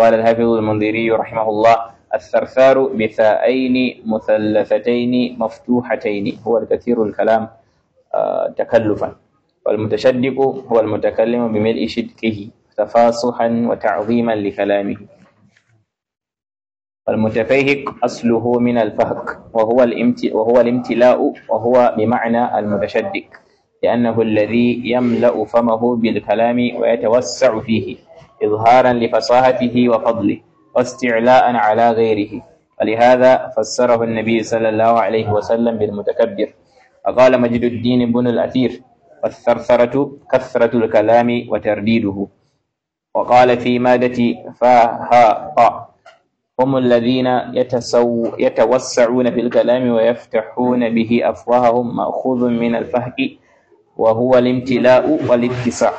قال الحافظ المنذري رحمه الله الثرثار بثاءين مثلثتين مفتوحتين هو الكثير الكلام آه، تكلفا والمتشدق هو المتكلم بملء شدقه تفاصحا وتعظيما لكلامه والمتفيهق أصله من الفهق وهو, الامت... وهو الامتلاء وهو بمعنى المتشدق لأنه الذي يملأ فمه بالكلام ويتوسع فيه إظهارا لفصاحته وفضله واستعلاء على غيره ولهذا فسره النبي صلى الله عليه وسلم بالمتكبر وقال مجد الدين بن الأثير والثرثرة كثرة الكلام وترديده وقال في مادة فها هم الذين يتسو يتوسعون في الكلام ويفتحون به أفواههم مأخوذ من الفهك وهو الامتلاء والاتساع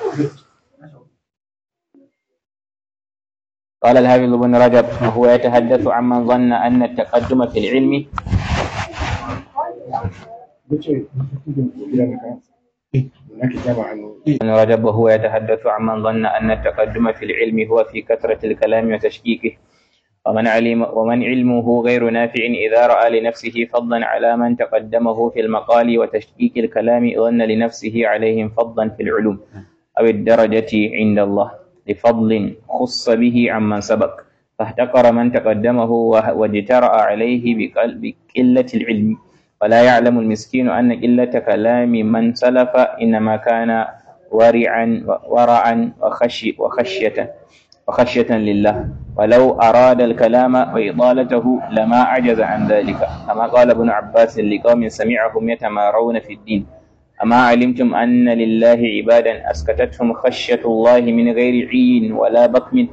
قال الهابل بن رجب وهو يتحدث عمن ظن أن التقدم في العلم ابن رجب وهو يتحدث عن من ظن أن التقدم في العلم هو في كثرة الكلام وتشكيكه ومن, علم ومن علمه غير نافع إذا رأى لنفسه فضلا على من تقدمه في المقال وتشكيك الكلام ظن لنفسه عليهم فضلا في العلوم أو الدرجة عند الله لفضل خص به عمن سبق فاحتقر من تقدمه واجترأ عليه بقلب قلة العلم ولا يعلم المسكين أن قلة كلام من سلف إنما كان ورعا ورعا وخشي وخشية وخشية لله ولو أراد الكلام وإطالته لما عجز عن ذلك كما قال ابن عباس لقوم سمعهم يتمارون في الدين أما علمتم أن لله عبادا أسكتتهم خشية الله من غير عين ولا بكم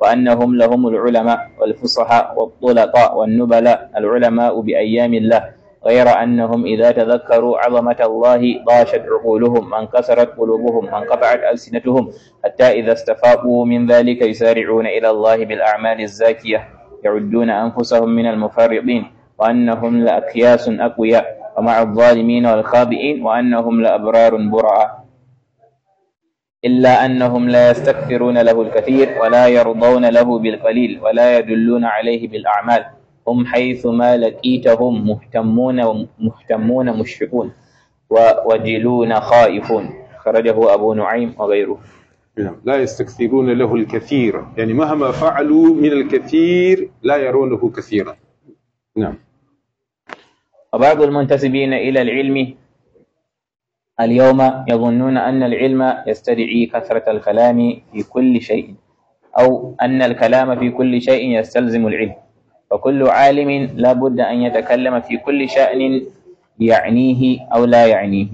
وأنهم لهم العلماء والفصحاء والطلقاء والنبلاء العلماء بأيام الله غير أنهم إذا تذكروا عظمة الله ضاشت عقولهم وانكسرت قلوبهم وانقطعت ألسنتهم حتى إذا استفاقوا من ذلك يسارعون إلى الله بالأعمال الزاكية يعدون أنفسهم من المفرطين وأنهم لأكياس أقوياء ومع الظالمين والخابئين وأنهم لأبرار برعاء إلا أنهم لا يستكثرون له الكثير ولا يرضون له بالقليل ولا يدلون عليه بالأعمال هم حيث ما لقيتهم مهتمون مهتمون مشفقون وجلون خائفون خرجه أبو نعيم وغيره نعم. لا يستكثرون له الكثير يعني مهما فعلوا من الكثير لا يرونه كثيرا نعم وبعض المنتسبين إلى العلم اليوم يظنون أن العلم يستدعي كثرة الكلام في كل شيء أو أن الكلام في كل شيء يستلزم العلم فكل عالم لا بد أن يتكلم في كل شأن يعنيه أو لا يعنيه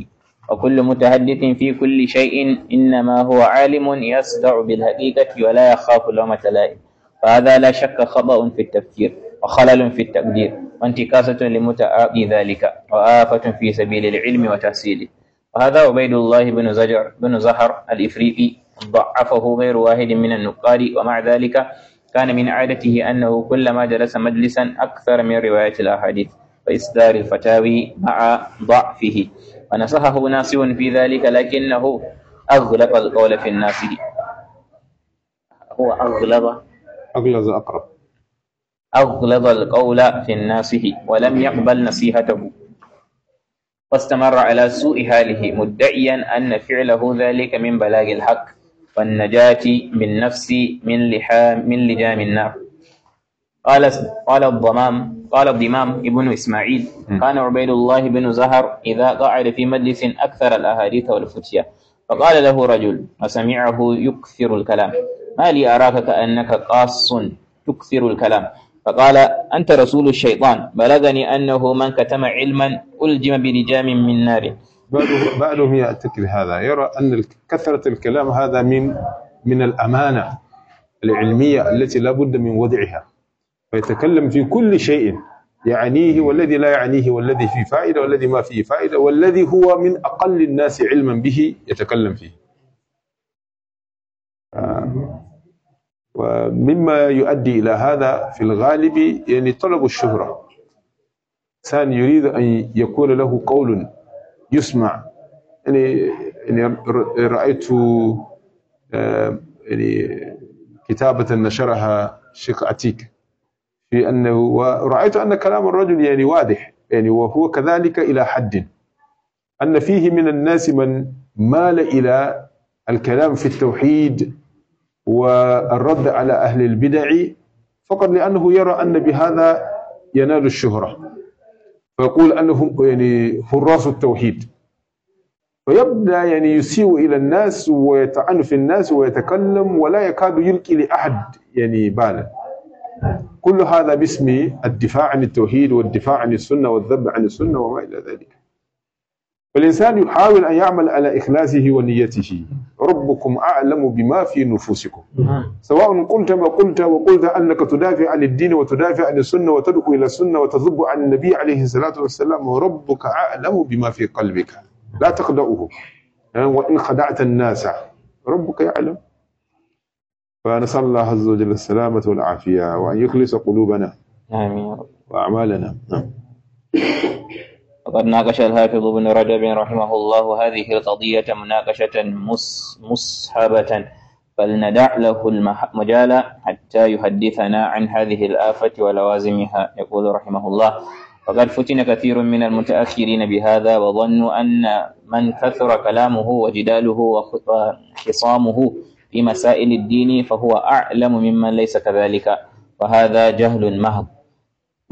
وكل متحدث في كل شيء إنما هو عالم يصدع بالحقيقة ولا يخاف لومة لائم فهذا لا شك خطأ في التفكير وخلل في التقدير وانتكاسة لمتعاطي ذلك وآفة في سبيل العلم وتحصيله وهذا عبيد الله بن زجر بن زهر الإفريقي ضعفه غير واحد من النقاد ومع ذلك كان من عادته أنه كلما جلس مجلسا أكثر من رواية الأحاديث وإصدار الفتاوي مع ضعفه ونصحه ناس في ذلك لكنه أغلق القول في الناس هو أغلظ أغلظ أقرب أغلظ القول في الناس ولم يقبل نصيحته واستمر على سوء حاله مدعيا أن فعله ذلك من بلاغ الحق والنجاة من من لحام من لجام النار قال قال الضمام قال الضمام ابن اسماعيل كان عبيد الله بن زهر اذا قعد في مجلس اكثر الاحاديث والفتيا فقال له رجل وسمعه يكثر الكلام ما لي اراك كانك قاص تكثر الكلام فقال انت رسول الشيطان بلغني انه من كتم علما الجم بلجام من نار بعضهم يعتقد هذا يرى أن كثرة الكلام هذا من من الأمانة العلمية التي لا بد من وضعها فيتكلم في كل شيء يعنيه والذي لا يعنيه والذي فيه فائدة والذي ما فيه فائدة والذي هو من أقل الناس علما به يتكلم فيه آه، ومما يؤدي إلى هذا في الغالب يعني طلب الشهرة إنسان يريد أن يكون له قول يسمع يعني يعني رايت آه، يعني كتابه نشرها الشيخ عتيك في انه ورايت ان كلام الرجل يعني واضح يعني وهو كذلك الى حد ان فيه من الناس من مال الى الكلام في التوحيد والرد على اهل البدع فقط لانه يرى ان بهذا ينال الشهره ويقول أنهم يعني حراس التوحيد ويبدا يعني يسيء إلى الناس ويتعنف في الناس ويتكلم ولا يكاد يلقي لأحد يعني بالا كل هذا باسم الدفاع عن التوحيد والدفاع عن السنة والذب عن السنة وما إلى ذلك فالإنسان يحاول أن يعمل على إخلاصه ونيته ربكم أعلم بما في نفوسكم نعم. سواء قلت ما قلت وقلت أنك تدافع عن الدين وتدافع عن السنة وتدعو إلى السنة وتذب عن النبي عليه الصلاة والسلام وربك أعلم بما في قلبك لا تخدعه وإن خدعت الناس ربك يعلم فنسأل الله عز وجل السلامة والعافية وأن يخلص قلوبنا آمين وأعمالنا نعم وقد ناقش الحافظ بن رجب رحمه الله هذه القضية مناقشة مس مسحبة فلندع له المجال حتى يحدثنا عن هذه الآفة ولوازمها يقول رحمه الله وقد فتن كثير من المتأخرين بهذا وظنوا أن من كثر كلامه وجداله وخصامه في مسائل الدين فهو أعلم ممن ليس كذلك وهذا جهل مهض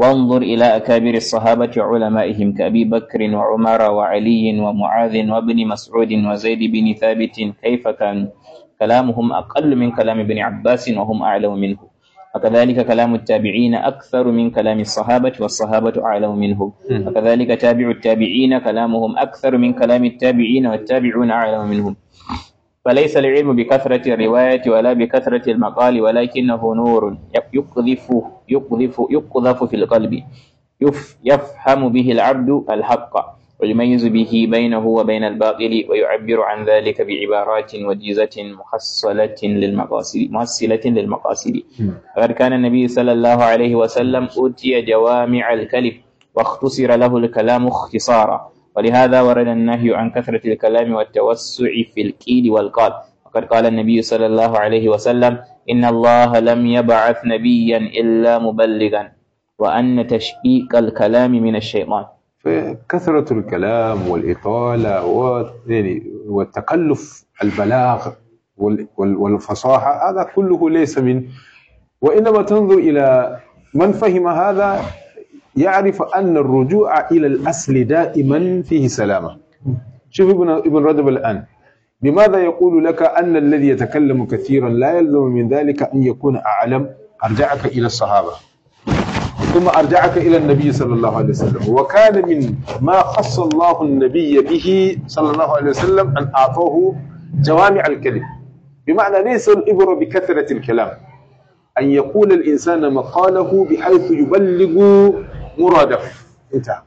وانظر إلى أكابر الصحابة علمائهم كأبي بكر وعمر وعلي ومعاذ وابن مسعود وزيد بن ثابت كيف كان كلامهم أقل من كلام ابن عباس وهم أعلم منه وكذلك كلام التابعين أكثر من كلام الصحابة والصحابة أعلم منه وكذلك تابع التابعين كلامهم أكثر من كلام التابعين والتابعون أعلم منهم فليس العلم بكثرة الرواية ولا بكثرة المقال ولكنه نور يقذف يقذف يقذف في القلب يفهم به العبد الحق ويميز به بينه وبين الباطل ويعبر عن ذلك بعبارات وجيزة محصلة للمقاصد محصلة للمقاصد فقد كان النبي صلى الله عليه وسلم أوتي جوامع الكلم واختصر له الكلام اختصارا ولهذا ورد النهي عن كثرة الكلام والتوسع في الكيل والقال وقد قال النبي صلى الله عليه وسلم إن الله لم يبعث نبيا إلا مبلغا وأن تشبيك الكلام من الشيطان فكثرة الكلام والإطالة يعني والتكلف البلاغ والفصاحة هذا كله ليس من وإنما تنظر إلى من فهم هذا يعرف أن الرجوع إلى الأصل دائما فيه سلامة شوف ابن ابن رجب الآن لماذا يقول لك أن الذي يتكلم كثيرا لا يلزم من ذلك أن يكون أعلم أرجعك إلى الصحابة ثم أرجعك إلى النبي صلى الله عليه وسلم وكان من ما خص الله النبي به صلى الله عليه وسلم أن أعطوه جوامع الكلم بمعنى ليس الإبرة بكثرة الكلام أن يقول الإنسان مقاله بحيث يبلغ مرادفة انتهى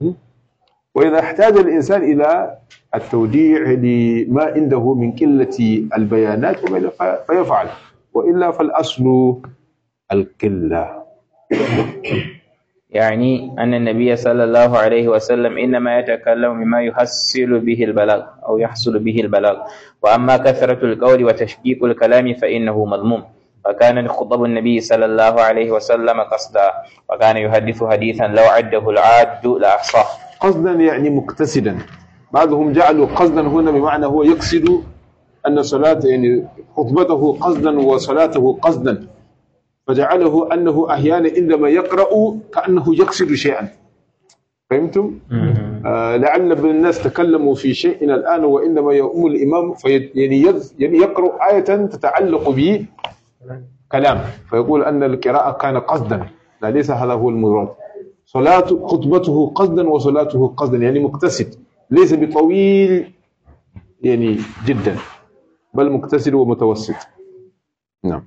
نعم. وإذا احتاج الإنسان إلى التوديع لما عنده من قلة البيانات فيفعل وإلا فالأصل القلة يعني أن النبي صلى الله عليه وسلم إنما يتكلم بما يحصل به البلاغ أو يحصل به البلاغ وأما كثرة القول وتشكيك الكلام فإنه مذموم وكان خطب النبي صلى الله عليه وسلم قصدا وكان يحدث حديثا لو عده العاد لأحصاه قصدا يعني مقتصدا بعضهم جعلوا قصدا هنا بمعنى هو يقصد أن صلاة يعني خطبته قصدا وصلاته قصدا فجعله أنه أحيانا عندما يقرأ كأنه يقصد شيئا فهمتم؟ آه لعل الناس تكلموا في شيء الآن وإنما يؤم الإمام في يعني, يعني يقرأ آية تتعلق به كلام فيقول أن القراءة كان قصدا لا ليس هذا هو المراد صلاة خطبته قصدا وصلاته قصدا يعني مقتصد ليس بطويل يعني جدا بل مقتصد ومتوسط نعم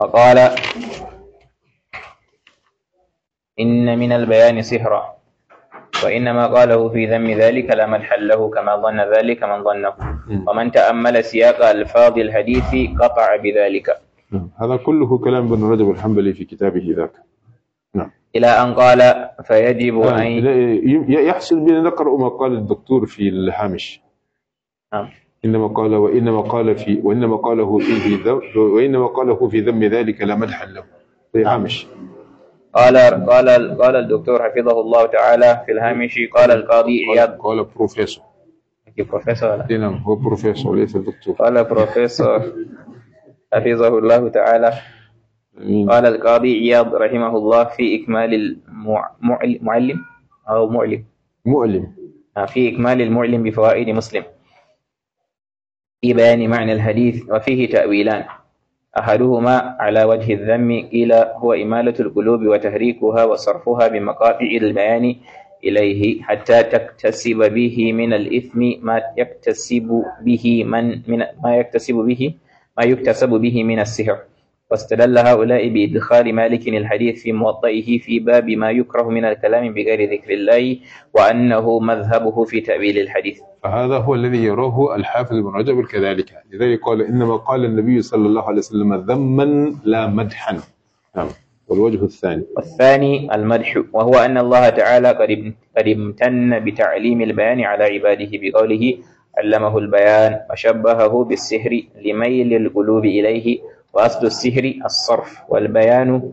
فقال إن من البيان سهرًا وإنما قاله في ذم ذلك لا ملحل له كما ظن ذلك من ظنه نعم. ومن تأمل سياق ألفاظ الحديث قطع بذلك نعم. هذا كله كلام ابن رجب الحنبلي في كتابه ذاك نعم إلى أن قال فيجب آه، أن يحصل بنا نقرأ ما قال الدكتور في الهامش نعم إنما قال وإنما قال في وإنما قاله فيه وإنما قاله في ذم ذلك لا مدحا له في هامش قال قال قال الدكتور حفظه الله تعالى في الهامشي قال القاضي اياد قال بروفيسور بروفيسور نعم هو بروفيسور ليس دكتور قال بروفيسور حفظه الله تعالى قال القاضي اياد رحمه الله في اكمال المعلم او معلم معلم آه، في اكمال المعلم بفوائد مسلم في بيان معنى الحديث وفيه تاويلان أحدهما على وجه الذم إلى هو إمالة القلوب وتهريكها وصرفها بمقاطع البيان إليه حتى تكتسب به من الإثم ما يكتسب به من, من ما يكتسب به ما يكتسب به من السحر واستدل هؤلاء بإدخال مالك الحديث في موطئه في باب ما يكره من الكلام بغير ذكر الله وأنه مذهبه في تأويل الحديث فهذا هو الذي يراه الحافظ بن رجب كذلك لذلك قال إنما قال النبي صلى الله عليه وسلم ذما لا مدحا نعم والوجه الثاني الثاني المدح وهو أن الله تعالى قد قد امتن بتعليم البيان على عباده بقوله علمه البيان وشبهه بالسحر لميل القلوب إليه وأصل السحر الصرف والبيان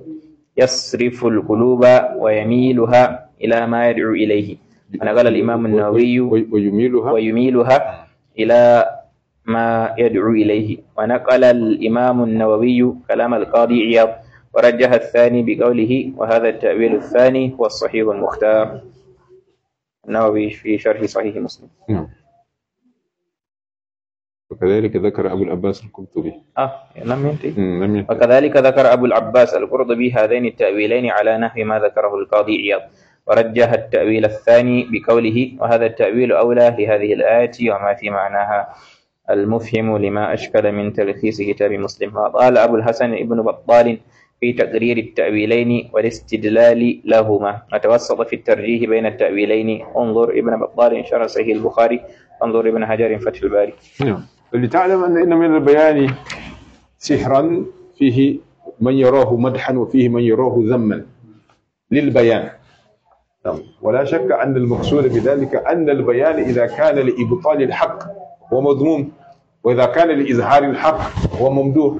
يصرف القلوب ويميلها إلى ما يدعو إليه أنا قال الإمام النووي ويميلها ويميلها إلى ما يدعو إليه ونقل الإمام النووي كلام القاضي عياض ورجح الثاني بقوله وهذا التأويل الثاني هو الصحيح المختار النووي في شرح صحيح مسلم نعم. وكذلك ذكر أبو العباس القرطبي آه لم ينتهي لم ينتهي وكذلك ذكر أبو العباس القرطبي هذين التأويلين على نحو ما ذكره القاضي عياض ورجح التأويل الثاني بقوله وهذا التأويل أولى لهذه الآية وما في معناها المفهم لما أشكل من تلخيص كتاب مسلم وقال أبو الحسن ابن بطال في تقرير التأويلين والاستدلال لهما وتوسط في الترجيح بين التأويلين انظر ابن بطال شرح صحيح البخاري انظر ابن حجر فتح الباري نعم ولتعلم أن إن من البيان سحرا فيه من يراه مدحا وفيه من يراه ذما للبيان نعم. ولا شك أن المقصود بذلك أن البيان إذا كان لإبطال الحق هو مذموم وإذا كان لإظهار الحق هو ممدوح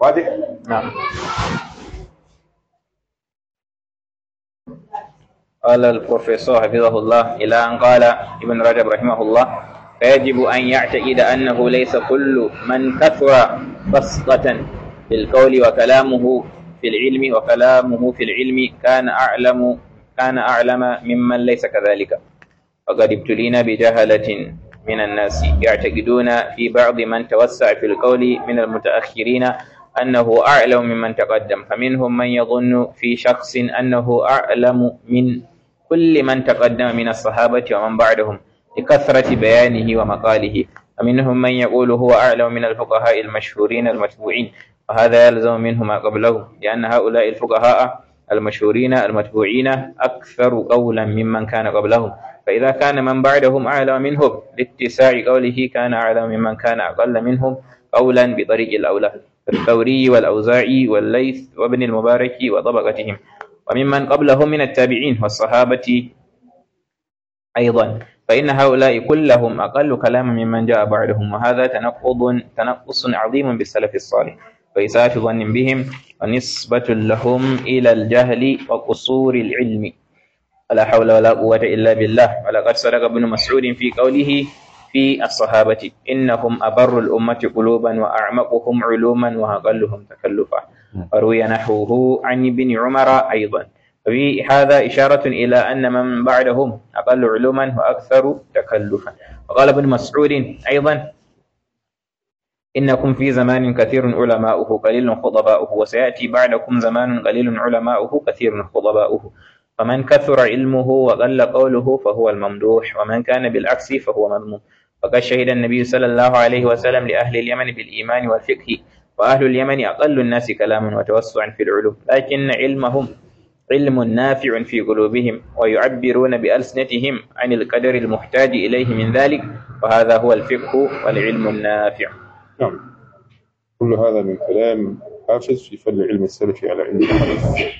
واضح؟ نعم قال البروفيسور حفظه الله إلى أن قال ابن رجب رحمه الله فيجب أن يعتقد أنه ليس كل من كثر بسطة في القول وكلامه في العلم وكلامه في العلم كان أعلم كان أعلم ممن ليس كذلك وقد ابتلينا بجهلة من الناس يعتقدون في بعض من توسع في القول من المتأخرين أنه أعلم ممن تقدم فمنهم من يظن في شخص أنه أعلم من كل من تقدم من الصحابة ومن بعدهم لكثرة بيانه ومقاله ومنهم من يقول هو أعلم من الفقهاء المشهورين المتبوعين وهذا يلزم منه ما قبله لأن هؤلاء الفقهاء المشهورين المتبوعين أكثر قولا ممن كان قبلهم فإذا كان من بعدهم أعلى منهم لاتساع قوله كان أعلى ممن كان أقل منهم قولا بطريق الأولى الثوري والأوزاعي والليث وابن المبارك وطبقتهم وممن قبلهم من التابعين والصحابة أيضا فإن هؤلاء كلهم أقل كلاما ممن جاء بعدهم وهذا تنقض تنقص عظيم بالسلف الصالح وإساءة ظن بهم ونسبة لهم إلى الجهل وقصور العلم ولا حول ولا قوة إلا بالله ولقد صدق ابن مسعود في قوله في الصحابة إنهم أبر الأمة قلوبا وأعمقهم علوما وأقلهم تكلفا نعم. وروي نحوه عن ابن عمر أيضا ففي هذا إشارة إلى أن من بعدهم أقل علوما وأكثر تكلفا وقال ابن مسعود أيضا إنكم في زمان كثير علماؤه قليل خطباؤه وسيأتي بعدكم زمان قليل علماؤه كثير خطباؤه فمن كثر علمه وقل قوله فهو الممدوح ومن كان بالعكس فهو مذموم فقد شهد النبي صلى الله عليه وسلم لأهل اليمن بالإيمان والفقه وأهل اليمن أقل الناس كلاما وتوسعا في العلوم لكن علمهم علم نافع في قلوبهم ويعبرون بألسنتهم عن القدر المحتاج إليه من ذلك وهذا هو الفقه والعلم النافع نعم كل هذا من كلام حافظ في فن العلم السلفي على علم الحديث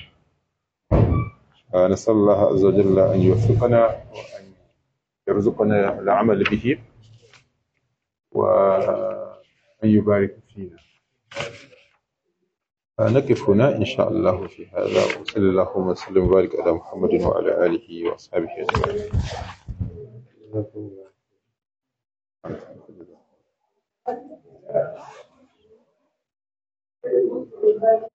نسأل الله عز وجل أن يوفقنا وأن يرزقنا العمل به وأن يبارك فينا نقف هنا إن شاء الله في هذا وصلى اللهم وسلم وبارك على محمد وعلى آله وأصحابه أجمعين Thank you.